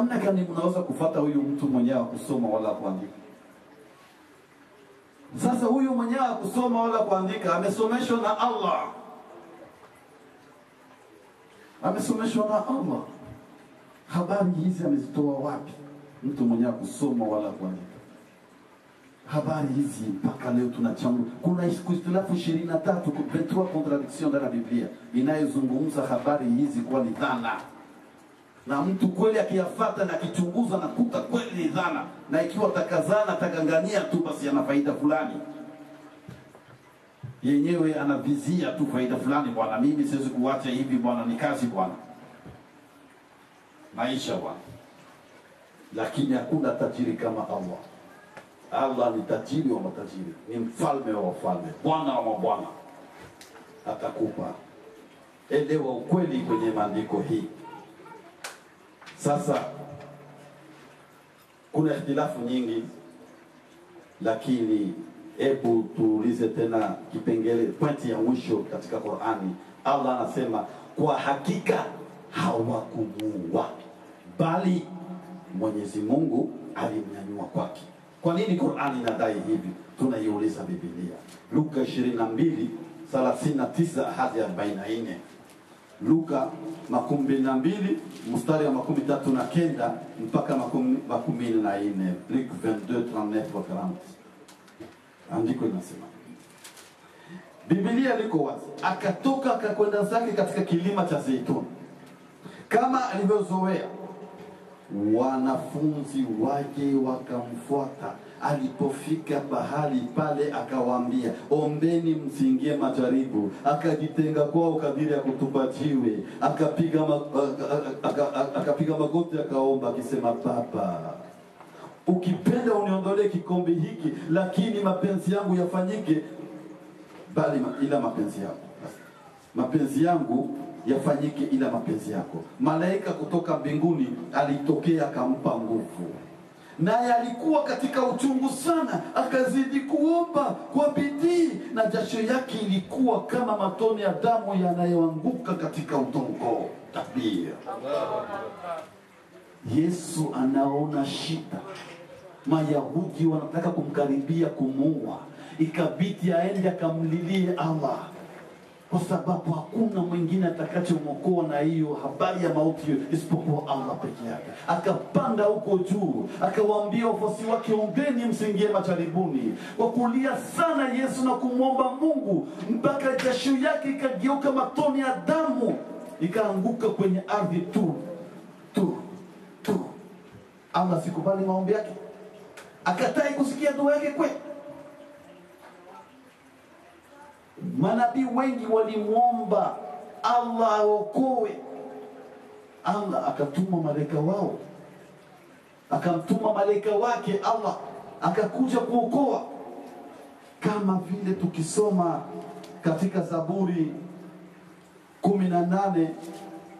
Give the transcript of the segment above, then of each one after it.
Namna gani mnaweza kufata huyu mtu mwenyewe kusoma wala kuandika? Sasa huyu mwenyewe kusoma wala kuandika amesomeshwa na Allah, amesomeshwa na Allah. Habari hizi amezitoa wapi? Mtu mwenyewe kusoma wala kuandika habari hizi mpaka leo tunachambua. Kuna kuistilafu ishirini na tatu, 23 contradiction de la Biblia inayozungumza habari hizi kuwa ni dhana na mtu kweli akiyafata na akichunguza nakuta kweli ni dhana, na ikiwa takazana takangania tu, basi ana faida fulani yenyewe, anavizia tu faida fulani. Bwana, mimi siwezi kuacha hivi bwana, ni kazi bwana, maisha bwana. Lakini hakuna tajiri kama Allah. Allah ni tajiri wa matajiri, ni mfalme wa wafalme, bwana wa mabwana, atakupa. Elewa ukweli kwenye maandiko hii. Sasa kuna ikhtilafu nyingi, lakini hebu tuulize tena kipengele, pointi ya mwisho katika Qur'ani. Allah anasema kwa hakika hawakumuua, bali Mwenyezi Mungu alimnyanyua kwake. Kwa nini Qur'ani inadai hivi? Tunaiuliza Biblia, Luka 22 39 hadi 44. Luka makumi na mbili mstari wa makumi tatu na kenda mpaka makumi na ine Luke 22:39 andiko inasema Biblia liko wazi, akatoka akakwenda zake katika kilima cha Zeituni kama alivyozoea wanafunzi wake wakamfuata. Alipofika bahali pale, akawaambia ombeni, msiingie majaribu. Akajitenga kwao kadiri ya kutubajiwe, akapiga akapiga magoti, akaomba akisema, Baba, ukipenda uniondolee kikombe hiki, lakini mapenzi yangu yafanyike, bali ila mapenzi yangu mapenzi yangu yafanyike ila mapenzi yako. Malaika kutoka mbinguni alitokea akampa nguvu, naye alikuwa katika uchungu sana, akazidi kuomba kwa bidii, na jasho yake ilikuwa kama matone ya damu yanayoanguka katika udongo. Tabia Yesu anaona shida. Mayahudi wanataka kumkaribia kumuua, ikabidi aende akamlilie Allah kwa sababu hakuna mwingine atakachemwokoa na hiyo habari ya mauti isipokuwa Allah peke yake. Akapanda huko juu, akawaambia wafuasi wake, ungeni msiingie macharibuni kwa kulia sana Yesu na kumwomba Mungu mpaka jasho yake ikageuka matoni ya damu, ikaanguka kwenye ardhi tu tu tu. Allah sikubali maombi yake, akatai kusikia dua yake kweli Manabii wengi walimwomba Allah aokoe, Allah akatuma malaika wao, akamtuma malaika wake Allah akakuja kuokoa, kama vile tukisoma katika Zaburi kumi na nane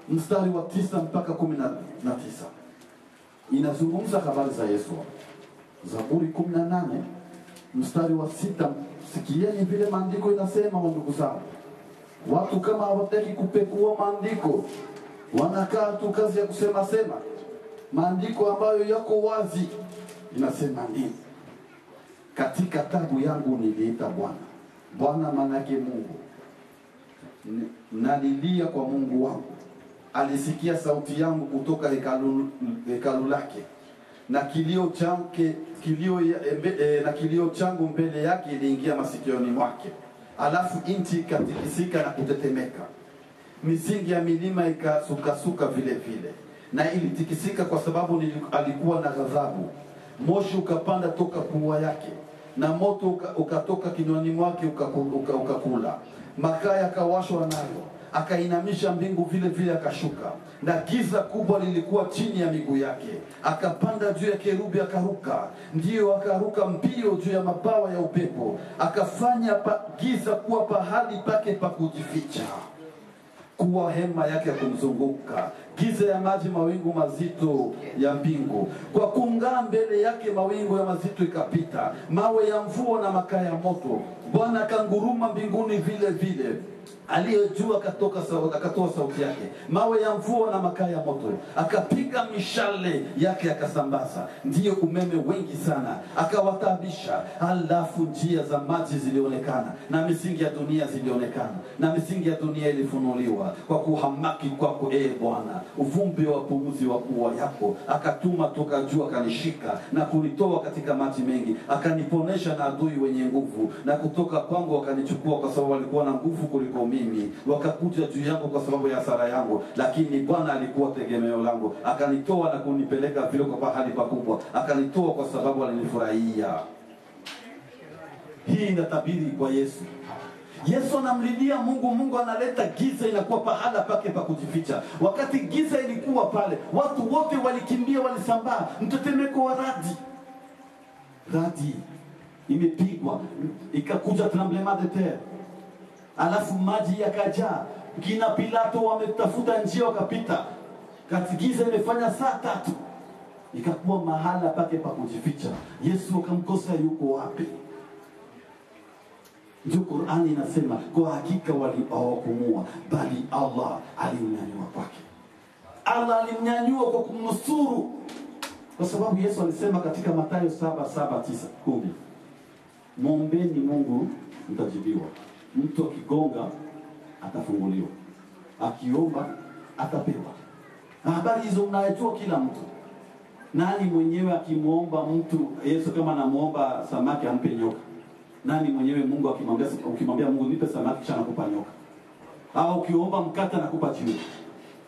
mstari wa tisa mpaka kumi na tisa inazungumza habari za Yesu. Zaburi kumi na nane mstari wa sita Sikieni vile maandiko inasema, ndugu zangu. Watu kama hawataki kupekua maandiko, wanakaa tu kazi ya kusema sema. Maandiko ambayo yako wazi inasema nini? Katika tabu yangu niliita Bwana. Bwana manake Mungu, nalilia kwa Mungu wangu, alisikia sauti yangu kutoka hekalu, hekalu lake na kilio chake kilio e, na kilio changu mbele yake iliingia masikioni mwake, alafu nchi ikatikisika na kutetemeka, misingi ya milima ikasukasuka vile vile, na ilitikisika kwa sababu alikuwa na ghadhabu. Moshi ukapanda toka pua yake na moto ukatoka kinywani mwake ukakula uka, uka makaa yakawashwa nayo akainamisha mbingu vile vile akashuka, na giza kubwa lilikuwa chini ya miguu yake. Akapanda juu ya kerubi akaruka, ndiyo akaruka mbio juu ya mabawa ya upepo, akafanya pa giza kuwa pahali pake pa kujificha kuwa hema yake ya kumzunguka, giza ya maji, mawingu mazito ya mbingu. Kwa kung'aa mbele yake mawingu ya mazito ikapita, mawe ya mvua na makaa ya moto. Bwana akanguruma mbinguni vile vile aliyejua akatoa sauti yake, mawe ya mvua na makaa ya moto, akapiga mishale yake akasambaza, ndiyo umeme wengi sana akawataabisha. Halafu njia za maji zilionekana na misingi ya dunia zilionekana na misingi ya dunia ilifunuliwa kwa kuhamaki kwako, ee Bwana, uvumbi wa pumzi wa kuwa yako. Akatuma toka juu akanishika na kunitoa katika maji mengi, akaniponesha na adui wenye nguvu, na kutoka kwangu akanichukua, kwa sababu walikuwa na nguvu kuliko kuliko mimi, wakakuja juu yangu kwa sababu ya sara yangu, lakini Bwana alikuwa tegemeo langu, akanitoa na kunipeleka vile kwa pahali pakubwa, akanitoa kwa sababu alinifurahia. Hii inatabiri kwa Yesu. Yesu anamlilia Mungu, Mungu analeta giza, inakuwa pahala pake pa kujificha. Wakati giza ilikuwa pale, watu wote walikimbia, walisambaa, mtetemeko wa radi radi imepigwa, ikakuja tremblement de terre alafu maji yakajaa. Kina Pilato wametafuta njia wakapita, katigiza imefanya saa tatu, ikakuwa mahala pake pa kujificha. Yesu wakamkosa yuko wapi? Ndio Qurani inasema kwa hakika hawakumua, bali Allah alimnyanyua kwake. Allah alimnyanyua kwa kumnusuru, kwa sababu Yesu alisema katika matayo 7 7 9 kumi, mwombeni Mungu mtajibiwa mtu akigonga atafunguliwa, akiomba atapewa. Na habari hizo mnayajua kila mtu. Nani mwenyewe akimwomba mtu Yesu, kama anamwomba samaki ampe nyoka? Nani mwenyewe Mungu akimwambia, ukimwambia Mungu nipe samaki kisha anakupa nyoka, au ukiomba mkate anakupa jiwe?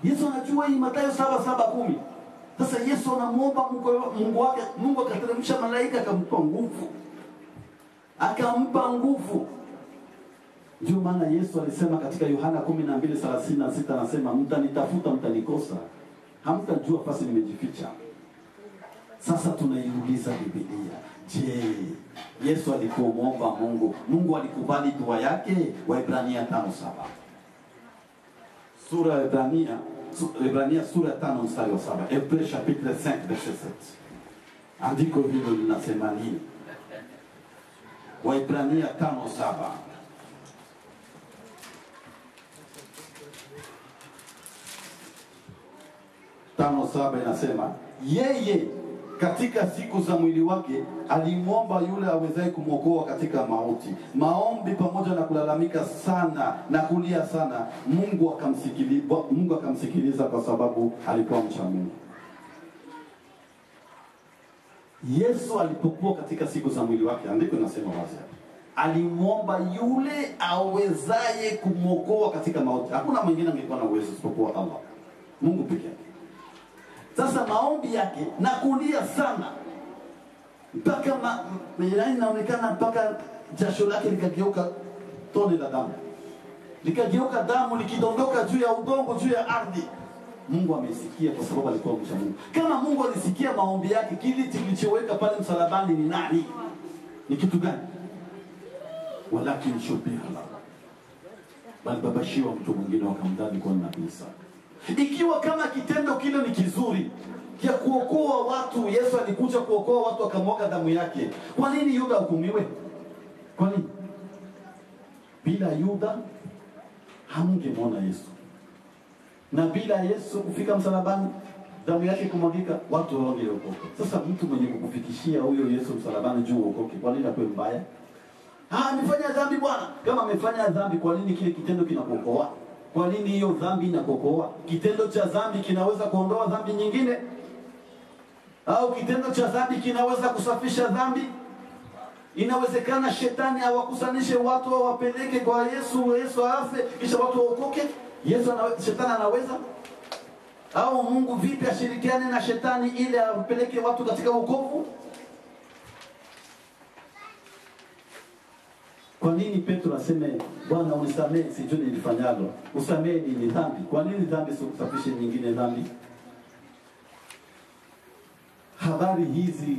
Yesu anajua hii, Mathayo saba saba kumi. Sasa Yesu anamwomba Mungu wake, Mungu akateremsha malaika akampa nguvu, akampa nguvu ndio maana Yesu alisema katika Yohana 12:36 anasema, mtanitafuta mtanikosa, hamtajua fasi nimejificha. Sasa tunaiuliza Biblia, je, Yesu alipomwomba Mungu? Mungu alikubali dua yake? Waebrania 5:7 sura ibrania ibrania sura tano mstari wa saba chapitre 5 verset 7. Andiko hilo linasema nini? Waebrania tano saba tano saba inasema yeye katika siku za mwili wake alimwomba yule awezaye kumwokoa katika mauti. Maombi pamoja na kulalamika sana na kulia sana, Mungu akamsikiliza, Mungu akamsikiliza kwa sababu alikuwa mcha Mungu. Yesu alipokuwa katika siku za mwili wake, andiko inasema wazi alimwomba yule awezaye kumwokoa katika mauti. Hakuna mwingine angekuwa na uwezo isipokuwa Allah, Mungu pekee sasa maombi yake na kulia sana mpaka mirani naonekana inaonekana mpaka jasho lake likageuka tone la damu, likageuka damu likidondoka juu ya udongo, juu ya ardhi. Mungu amesikia kwa sababu alikuwa mcha Mungu. Kama Mungu alisikia maombi yake, kile kilichoweka pale msalabani ni nani? Ni kitu gani? Walakin shubiha lahu, bali babashiwa mtu mwingine wakamdhani kuwa nabii Isaka. Ikiwa kama kitendo kile ni kizuri ya kuokoa watu, Yesu alikuja kuokoa watu akamwaga damu yake, kwa nini Yuda hukumiwe? Kwa nini? Bila Yuda hamngemwona Yesu, na bila Yesu kufika msalabani damu yake kumwagika, watu wangeokoka. Sasa mtu mwenye kukufikishia huyo Yesu msalabani juu uokoke, kwa nini akuwe mbaya? Ah, amefanya dhambi bwana. Kama amefanya dhambi, kwa nini kile kitendo kinakuokoa? Kwa nini hiyo dhambi inakokoa? Kitendo cha dhambi kinaweza kuondoa dhambi nyingine, au kitendo cha dhambi kinaweza kusafisha dhambi? Inawezekana shetani awakusanishe watu awapeleke kwa Yesu, Yesu afe kisha watu waokoke? Yesu anawe, shetani anaweza au Mungu vipi ashirikiane na shetani ili apeleke watu katika wokovu? Kwa nini Petro aseme Bwana unisamehe, sijui nilifanyalo? Usamehe ni dhambi. Kwa nini dhambi sikusafishe nyingine dhambi? Habari hizi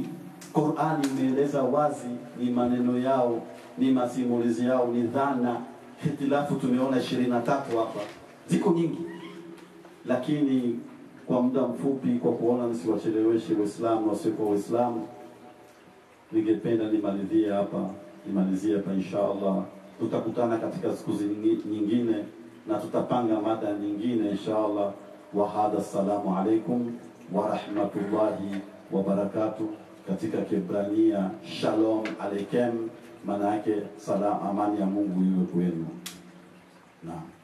Qur'ani imeeleza wazi, ni maneno yao, ni masimulizi yao, ni dhana. Hitilafu tumeona ishirini na tatu hapa, ziko nyingi, lakini kwa muda mfupi, kwa kuona nisiwacheleweshe Waislamu wasiokuwa Waislamu, ningependa nimalizie hapa nimalizie hapa inshallah. Tutakutana katika siku nyingine na tutapanga mada nyingine inshallah. Wa hadha, assalamu alaikum wa rahmatullahi wa barakatuh. Katika kibrania shalom aleikem, maana yake amani ya Mungu iwe kwenu. Naam.